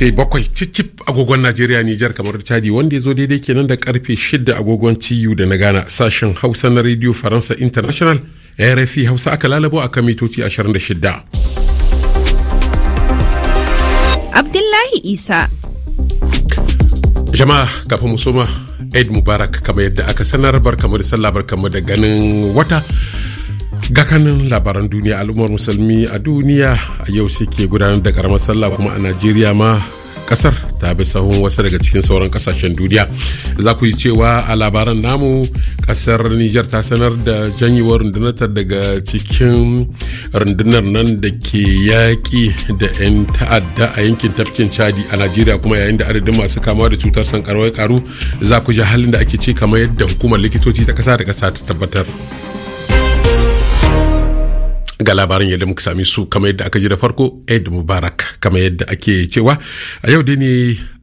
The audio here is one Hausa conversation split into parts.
karfe bakwai cicip agogon najeriya nijar kamar chadi wanda ya zo daidai kenan da karfe shida agogon tu da na gana sashen hausa na radio faransa international rfi hausa aka lalabo a kan mitoci 26 abdullahi isa jama'a kafin musoma eid mubarak kamar yadda aka sanar barkamu da sallah barkamu da ganin wata gakanin labaran duniya al'ummar musulmi a duniya a yau suke gudanar da karamar sallah kuma a najeriya ma kasar ta bi sahun wasu daga cikin sauran kasashen duniya za ku yi cewa a labaran namu kasar niger ta sanar da janyewar rundunarta daga cikin rundunar nan da ke yaƙi da 'yan ta'adda a yankin tafkin chadi a najeriya kuma yayin da adadin masu kama da cutar sankarwar karu za ku ji halin da ake ce kamar yadda hukumar likitoci ta kasa da kasa ta tabbatar. ga labaran yadda muka sami su kamar yadda aka ji da farko Eid Mubarak kamar yadda ake cewa a yau dai ne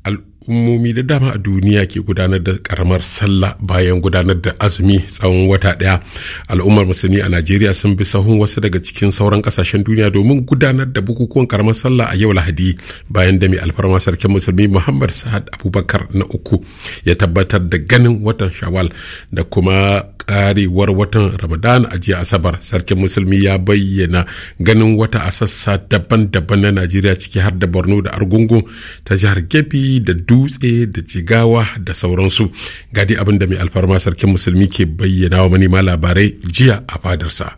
al'ummomi da dama a duniya ke gudanar da karamar sallah bayan gudanar da azumi tsawon wata daya al'ummar musulmi a najeriya sun bi sahun wasu daga cikin sauran kasashen duniya domin gudanar da bukukuwan karamar sallah a yau lahadi bayan da mai alfarma sarkin musulmi muhammad sa'ad abubakar na uku ya tabbatar da ganin watan shawal da kuma karewar watan ramadan a jiya asabar sarkin musulmi ya bayyana ganin wata a sassa daban-daban na najeriya ciki har da borno da argungu ta jihar gebi da dutse da jigawa da sauransu gadi abin da mai alfarma sarkin musulmi ke bayyana wa manema labarai jiya a fadarsa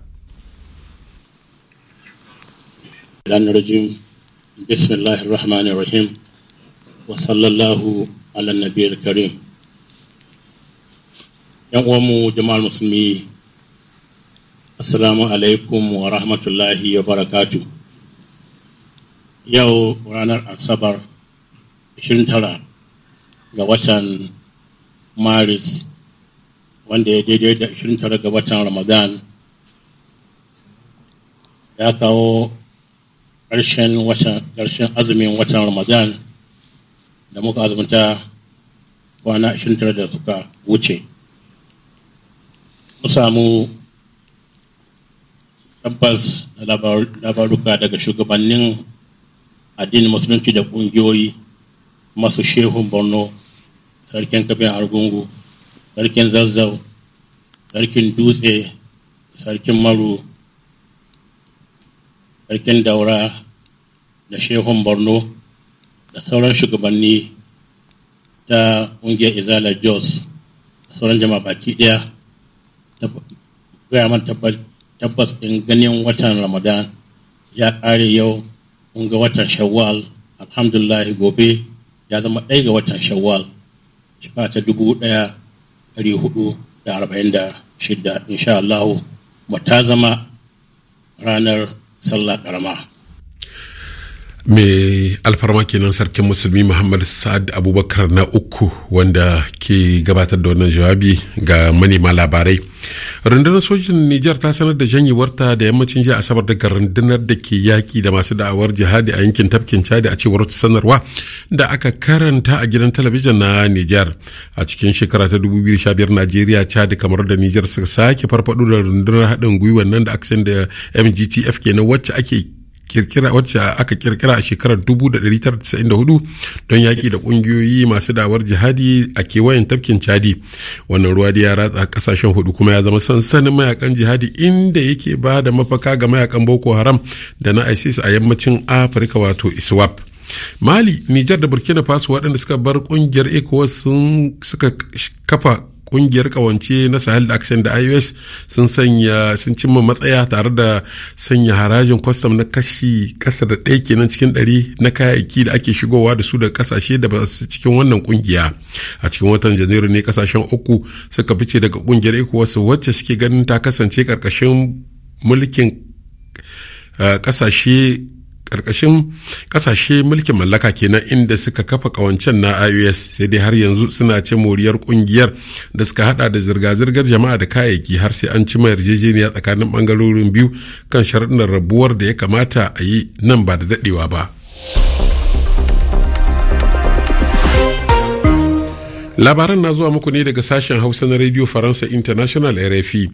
bismillahir rahmanir rahim wa sallallahu ala nabiyil karim yan uwanmu jama'ar musulmi assalamu alaikum wa rahmatullahi wa barakatu yau ranar asabar 29 ga watan maris wanda ya daidai da 29 ga watan ramadan ya kawo ƙarshen azumin watan ramadan da muka azumta kwana 29 da suka wuce Mu samu tabbas na labaruka daga shugabannin addinin musulunci da ƙungiyoyi masu shehun borno sarkin kafin argungu sarkin zazzau sarkin dutse sarkin maru sarkin daura da shehun borno da sauran shugabanni ta ƙungiyar izala jos da sauran jama'a baki ɗaya gaya man tabbas ɗin ganin watan ramadan ya ƙare yau kun ga watan shawwal alhamdulahi gobe ya zama ɗaya ga watan shawwal shifa ta dubu ɗaya ɗari hudu da arba'in da shida insha Allahu ta zama ranar sallah ƙarama. mai alfarma kenan sarkin musulmi muhammad sa'ad abubakar na uku wanda ke gabatar da wannan jawabi ga manema labarai rundunar sojin nijar ta sanar da janyewarta da yammacin jiya asabar daga rundunar da ke yaƙi da masu da'awar jihadi a yankin tafkin cadi a cewar wata sanarwa da aka karanta a gidan talabijin na nijar a cikin shekara ta 2015 najeriya chadi kamar da nijar suka sake farfaɗo da rundunar haɗin gwiwa nan da aka da mgtf kenan wacce ake kirkira wacce aka kirkira a shekarar 1994 don yaƙi da ƙungiyoyi masu dawar jihadi a kewayen tafkin chadi wannan ruwa da ya ratsa ƙasashen hudu kuma ya zama sansanin mayakan jihadi inda yake ba da mafaka ga mayakan boko haram da na isis a yammacin afirka wato iswap mali nijar da burkina faso waɗanda suka bar ƙungiyar ecowas sun suka kafa kungiyar kawance na sahel da action da ios sun sanya sun cimma matsaya tare da sanya harajin kwastam na kashi kasa da ɗaya kenan cikin ɗari na kayayyaki da ake shigowa da su daga kasashe da ba su cikin wannan kungiya a cikin watan janairu ne kasashen uku suka fice daga kungiyar ecowas wacce suke ganin ta kasance karkashin mulkin kasashe eh, ƙarƙashin ƙasashe mulkin mallaka kenan inda suka kafa ƙawancen na ios sai dai har yanzu suna ce moriyar ƙungiyar da suka hada da zirga-zirgar jama'a da kayayyaki har sai an cima yarjejeniya tsakanin bangarorin biyu kan sharaɗin rabuwar da ya kamata a yi nan ba da daɗewa ba. labaran na zuwa muku ne daga sashen hausa na radio faransa international rfi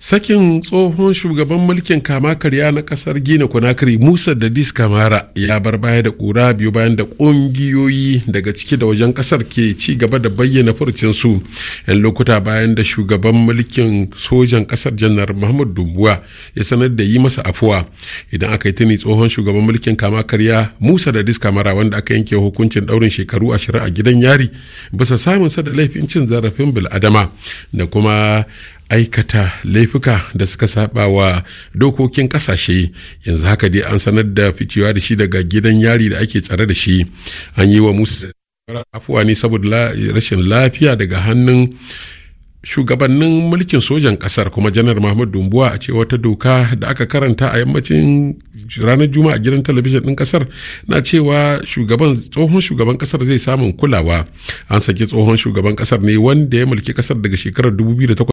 sakin tsohon shugaban mulkin kama karya na kasar gina konakiri musa da dis kamara ya bar baya da kura biyu bayan da kungiyoyi daga ciki da wajen kasar ke ci gaba da bayyana furcinsu yan lokuta bayan da shugaban mulkin sojan kasar janar muhammad dubuwa ya sanar da yi masa afuwa idan aka yi tuni tsohon shugaban mulkin kama karya musa da dis kamara wanda aka yanke hukuncin daurin shekaru ashirin a gidan yari bisa samunsa da laifin cin zarafin bil'adama da kuma aikata laifuka da suka saba wa dokokin kasashe yanzu haka dai an sanar da ficewa da shi daga gidan yari da ake tsare da shi an yi wa musa afuwa ne saboda rashin lafiya daga hannun shugabannin mulkin sojan kasar kuma janar mahmud dumbuwa a ce wata doka da aka karanta a yammacin ranar juma'a gidan talabijin ɗin ƙasar na cewa shugaban tsohon shugaban ƙasar zai samun kulawa an saki tsohon shugaban ƙasar ne wanda ya mulki kasar daga shekarar 2008